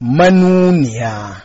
manuniya.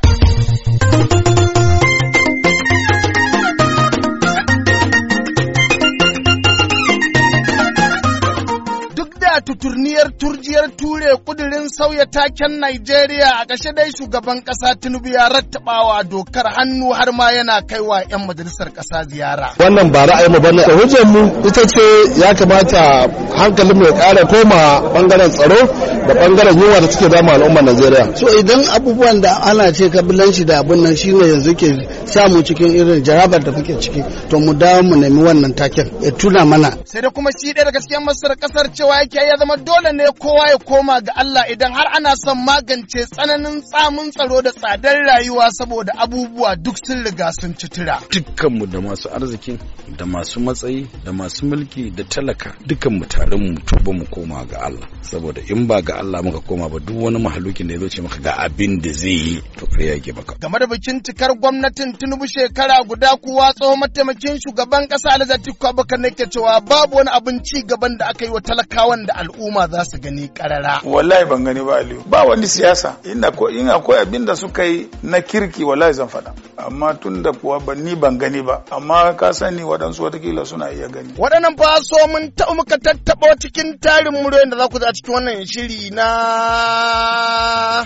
turniyar turjiyar ture kudirin sauya taken Najeriya a ƙashe dai shugaban ƙasa Tinubu ya rattabawa dokar hannu har ma yana kaiwa 'yan majalisar ƙasa ziyara. Wannan ba ra'ayinmu ba ne. Hujjar mu ita ce ya kamata hankalin mu ya ƙara koma ɓangaren tsaro da bangaren yunwa da suke damu al'ummar Najeriya. So idan abubuwan da ana ce kabilanci da abin nan shine yanzu ke samu cikin irin jarabar da muke ciki to mu dawo mu nemi wannan taken ya tuna mana. Sai da kuma shi ɗaya daga cikin masar kasar cewa yake ya zama dole ne kowa ya koma ga Allah idan har ana son magance tsananin tsamin tsaro da tsadar rayuwa saboda abubuwa duk sun riga sun citira Dukkanmu da masu arzikin da masu matsayi da masu mulki da talaka dukkanmu tare mu tuba mu koma ga Allah saboda in ba ga Allah muka koma ba duk wani mahalukin da ya zo ce maka ga abin da zai yi to kare yake maka game da bikin cikar gwamnatin Tinubu shekara guda kuwa tsohon mataimakin shugaban kasa Alhaji Abubakar nake cewa babu wani abin ci gaban da aka yi wa talakawan da al'umma za su gani karara wallahi ban gani ba Aliyu ba wani siyasa inda ko in akwai abin da suka yi na kirki wallahi zan faɗa amma tun da kuwa ban ni ban gani ba amma ka sani waɗansu watakila suna iya gani waɗannan ba so mun taɓa muka tattaɓa cikin tarin muryoyin da za ku za cikin wannan shiri na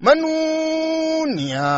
manuniya.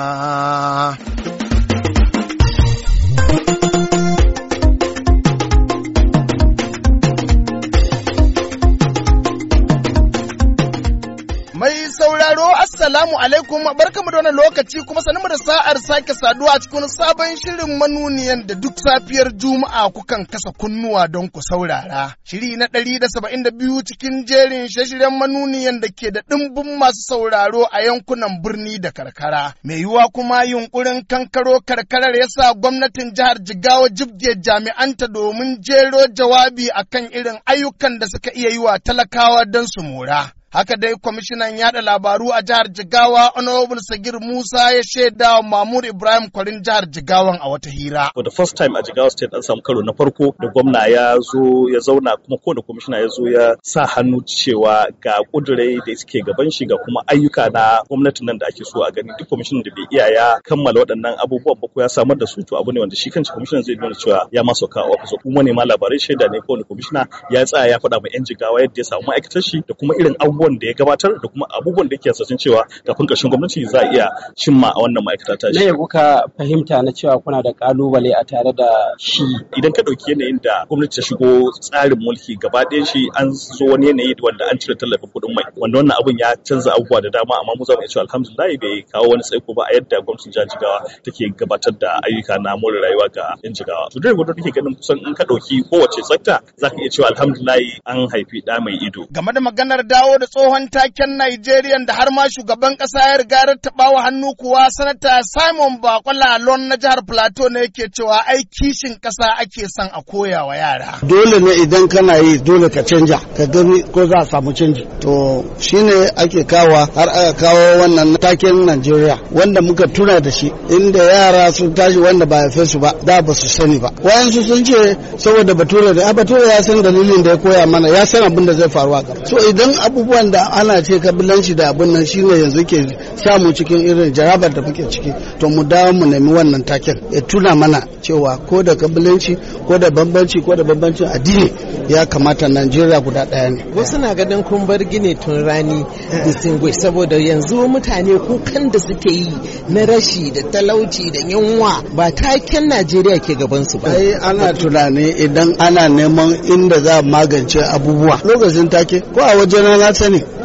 alaikum barkamu da wannan lokaci kuma sanin mu da sa'ar sake saduwa a cikin sabon shirin manuniyan da duk safiyar Juma'a kukan kasa kunnuwa don ku saurara. Shiri na ɗari da saba'in da biyu cikin jerin shashiren manuniyan da ke da ɗimbin masu sauraro a yankunan birni da karkara. Mai yiwuwa kuma yunkurin kankaro karkarar ya sa gwamnatin jihar Jigawa jibge jami'anta domin jero jawabi akan irin ayyukan da suka iya yi wa talakawa don su mora. Haka dai kwamishinan yada labaru a jihar Jigawa Honorable Sagir Musa ya shaida wa Ibrahim Kwarin jihar Jigawan a wata hira. For the first time a Jigawa state an samu karo na farko da gwamna ya zo ya zauna kuma ko da kwamishina ya zo ya sa hannu cewa ga kudurai da suke gaban shi ga kuma ayyuka na gwamnatin nan da ake so a gani duk kwamishinan da bai iya ya kammala waɗannan abubuwan ba ko ya samar da su to abu ne wanda shi kanshi kwamishinan zai nuna cewa ya ka a ofis kuma ne ma labarai shaida ne kowane kwamishina ya tsaya ya faɗa ma 'yan Jigawa yadda ya samu ma'aikatar shi da kuma irin abubuwan abubuwan da ya gabatar da kuma abubuwan da yake hasashen cewa kafin ƙarshen gwamnati za a iya cimma a wannan ma'aikata ta shi. Me kuka fahimta na cewa kuna da ƙalubale a tare da shi? Idan ka ɗauki yanayin da gwamnati ta shigo tsarin mulki gaba ɗaya shi an zo wani yanayi wanda an cire tallafin kuɗin mai wanda wannan abun ya canza abubuwa da dama amma mu za mu iya cewa alhamdulillah bai kawo wani tsaiko ba a yadda gwamnatin jihar Jigawa ke gabatar da ayyuka na more rayuwa ga 'yan Jigawa. To dai gwamnati take ganin kusan in ka ɗauki kowace tsakta za ka iya cewa alhamdulillah an haifi ɗa mai ido. Game da maganar dawo da tsohon taken Najeriya da har ma shugaban ƙasa ya riga rattaba wa hannu kuwa sanata Simon Bakola Lon na jihar Plateau ne yake cewa ai kishin ƙasa ake son a koya wa yara. Dole ne idan kana yi dole ka canja ka gani ko za a samu canji. To shine ake kawa har aka kawo wannan taken Najeriya wanda muka tuna da shi inda yara sun tashi wanda ba ya su ba da ba su sani ba. Wayansu sun ce saboda bature da bature ya san dalilin da ya koya mana ya san abin da zai faru a So idan abubuwa abubuwan da ana ce kabilanci da abin nan shine yanzu ke samu cikin irin jarabar da muke ciki to mu dawo mu nemi wannan taken ya tuna mana cewa ko da kabilanci ko da bambanci ko da bambancin addini ya kamata Najeriya guda daya ne. Wasu na ganin kun bar gine tun rani distinguish saboda yanzu mutane kukan da suke yi na rashi da talauci da yunwa ba taken Najeriya ke gaban su ba. Ai ana tunani idan ana neman inda za magance abubuwa lokacin take ko a wajen na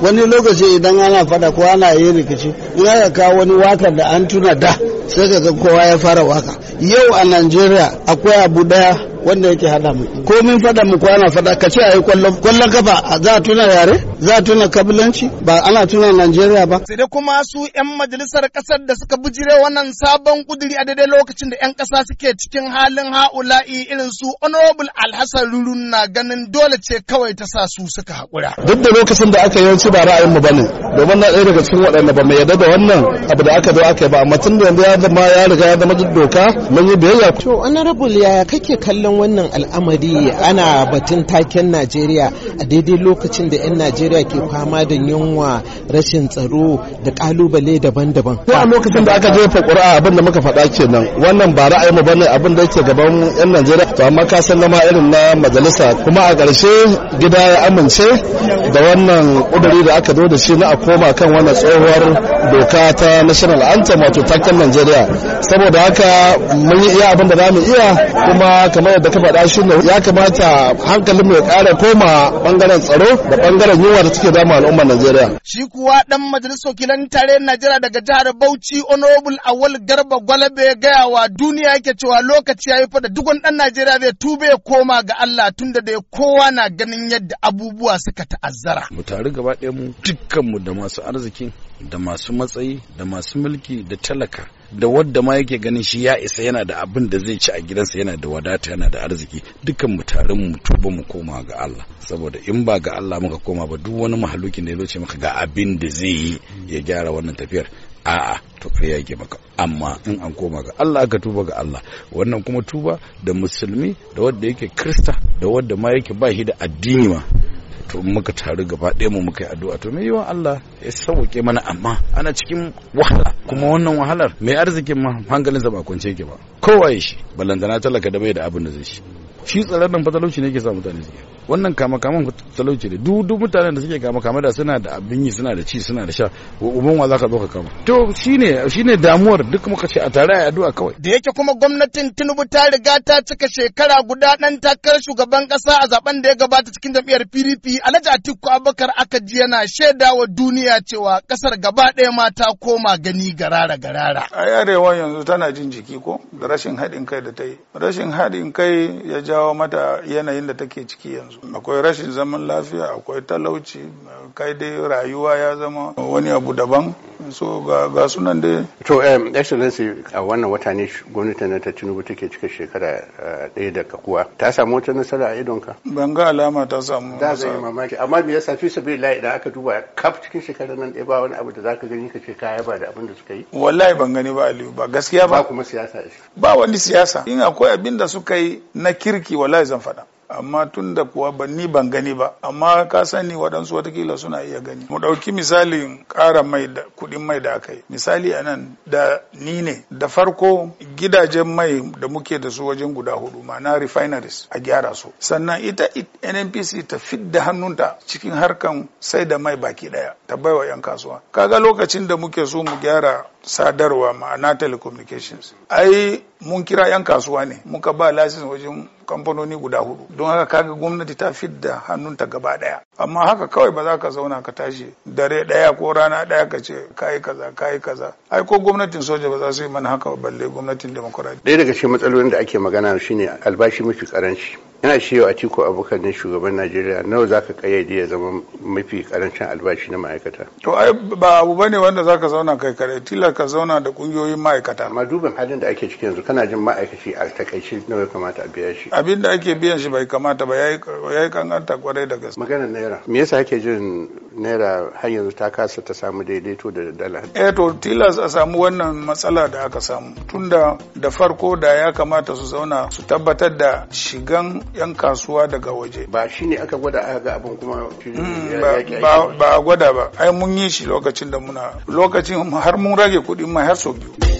wani lokaci idan ana fada ko ana yi rikici in aka kawo wani wakar da an tuna da sai ka ga kowa ya fara waka yau a najeriya akwai abu daya wanda yake hada mu ko min fada mu ko ana fada ka ce a yi kwallon kafa za a tuna yare za a tuna kabilanci ba ana tuna Najeriya ba. Sai dai kuma su 'yan majalisar ƙasar da suka bujire wannan sabon kuduri a daidai lokacin da 'yan ƙasa suke cikin halin ha'ula'i irin su Honorable Alhassan Rurun na ganin dole ce kawai ta sa su suka haƙura. Duk da lokacin da aka yanci ba ra'ayin mu bane domin na ɗaya daga cikin waɗanda ba mai yarda da wannan abu da aka zo aka yi ba amma tun da yanzu ya zama ya riga ya zama doka mun yi biyayya. To Honorable yaya kake kallon wannan al'amari ana batun taken Najeriya a daidai lokacin da 'yan Najeriya Najeriya ke fama da yunwa rashin tsaro da kalubale daban-daban. Ko a lokacin da aka jefa kuri'a abin muka faɗa kenan wannan ba ra'ayi ba ne abin da yake gaban 'yan Najeriya to amma ka san nama irin na majalisa kuma a ƙarshe gida ya amince da wannan ƙuduri da aka zo da shi na a koma kan wannan tsohuwar doka ta national anthem wato takkan Najeriya saboda haka mun yi iya abin da za mu iya kuma kamar yadda ka faɗa shi ne ya kamata hankalin mu ya ƙara koma bangaren tsaro da bangaren yunwa da take dama al'ummar Najeriya shi kuwa dan majalisar wakilan tare Najeriya daga jihar Bauchi honorable Awal Garba Gwalabe gaya wa duniya yake cewa lokaci ya yi fa da duk wani dan Najeriya zai tube ya koma ga Allah tunda da kowa na ganin yadda abubuwa suka ta'azzara mu tare gaba ɗaya mu dukkan da masu arzikin da masu matsayi da masu mulki da talaka da wadda ma yake ganin shi ya isa yana da abin da zai ci a gidansa yana da wadata yana da arziki dukan mu tarin mu tuba mu koma ga Allah saboda in ba ga Allah muka koma ba duk wani mahalukin da ya zo maka ga abin da zai yi ya gyara wannan tafiyar a'a to ya yake maka amma in an koma ga Allah aka tuba ga Allah wannan kuma tuba da musulmi da wadda yake krista da wadda ma yake ba shi da addini ma to muka taru gaba ɗaya mu muka yi addu'a to mai yiwa Allah ya sauke mana amma ana cikin wahala kuma wannan wahalar mai arzikin ma sa ba kwance yake ba kowa ya shi ballantana talaka da bai da abin da zai shi shi tsaron nan fatalauci ne ke sa mutane suke wannan kama kaman talauci ne duk mutanen da suke kama kama da suna da abin yi suna da ci suna da sha uban wa zaka zo ka kama to shine shine damuwar duk muka ce a tare a addu'a kawai da yake kuma gwamnatin Tinubu ta riga ta cika shekara guda dan takarar shugaban kasa a zaben da ya gabata cikin jam'iyyar PDP Alhaji Atiku Abubakar aka ji yana shaida wa duniya cewa kasar gaba ɗaya ma ta koma gani garara garara a yarewa yanzu tana jin jiki ko da rashin haɗin kai da ta yi rashin haɗin kai ya jawo mata yanayin da take ciki yanzu su akwai rashin zaman lafiya akwai talauci kai dai rayuwa ya zama wani abu daban so ga sunan dai to um, excellency a wannan wata ne gwamnati na ta tinubu take cika shekara eh, ɗaya da kakuwa ta samu wata nasara a idonka ban ga alama ta samu da zai mamaki amma me yasa fi sabi lai da aka duba kaf cikin shekarar nan ɗaya ba wani abu da zaka gani kace kaya ba da abin da suka yi wallahi ban gani ba aliyu ba gaskiya ba kuma siyasa ba wani siyasa in akwai abin da suka yi na kirki wallahi zan faɗa amma tun da kuwa ban ni ban gani ba amma ka sani waɗansu watakila suna iya gani mu ɗauki misalin ƙara mai da kuɗin mai da aka yi misali a nan da ni ne da farko gidajen mai da muke da su wajen guda hudu ma'ana refineries a gyara su sannan ita nnpc ta fidda hannunta cikin harkan sai da mai baki ɗaya ta baiwa 'yan kasuwa kaga lokacin da muke so mu gyara sadarwa ma'ana telecommunications ai mun kira 'yan kasuwa ne muka ba lasisin wajen kamfanoni guda hudu don haka kaga gwamnati ta fit da hannunta gaba daya amma haka kawai ba za ka zauna ka tashi dare daya ko rana daya ka ce kayi kaza kayi kaza ai ko gwamnatin soja ba za su yi mana haka balle gwamnatin demokuraɗi ɗaya daga cikin matsalolin da ake magana shine albashi mafi karanci yana cewa a tiko abokan ne shugaban najeriya nawa za ka kayyade ya zama mafi karancin albashi na ma'aikata to ai ba abu bane wanda za ka zauna kai kare tilar ka zauna da kungiyoyin ma'aikata amma duban halin da ake ciki yanzu kana jin ma'aikaci a takaici nawa ya kamata a biya shi abin da ake biyan shi bai kamata ba yayi kankanta kwarai da gaske maganar naira me yasa ake jin naira har yanzu ta kasa ta samu daidaito da dala eh to tilas a samu wannan matsala da aka samu tunda da farko da ya kamata su zauna su tabbatar da shigan 'yan kasuwa daga waje. Ba shi ne aka gwada aka ga abin kuma hmm, Ba gwada ba, ai mun yi shi lokacin da muna lokacin har mun rage kuɗi ma har sau biyu.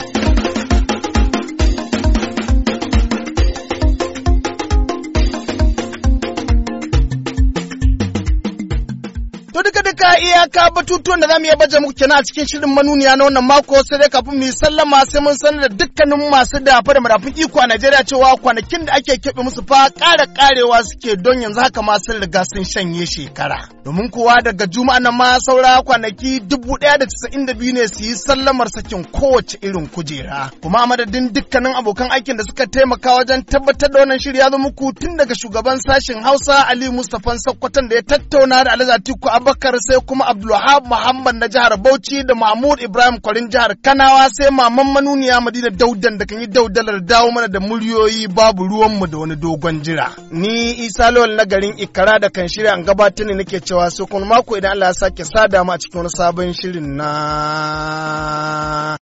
duka iyaka batutuwan da zamu iya baje muku kenan a cikin shirin manuniya na wannan mako sai dai kafin mu sallama sai mun sanar da dukkanin masu dafa da marafin iko a Najeriya cewa kwanakin da ake kebe musu fa ƙara ƙarewa suke don yanzu haka ma sun riga sun shanye shekara. Domin kuwa daga juma'a nan ma saura kwanaki dubu ɗaya da casa'in da biyu ne su yi sallamar sakin kowace irin kujera. Kuma a madadin dukkanin abokan aikin da suka taimaka wajen tabbatar da wannan shirya zo muku tun daga shugaban sashen Hausa Ali mustafan Sakkwatan da ya tattauna da Alhaji Atiku Abubakar sai kuma Abdulwahab Muhammad na jihar Bauchi da Mahmud Ibrahim Kwarin jihar Kanawa sai maman manuniya Madina Daudan da kan yi daudalar dawo mana da muryoyi babu ruwanmu da wani dogon jira. Ni Isa Lawal na garin Ikara da kan shirya an gabatar ne nake cewa sai kuma mako idan Allah ya sake sa mu a cikin wani sabon shirin na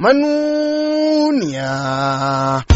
manuniya.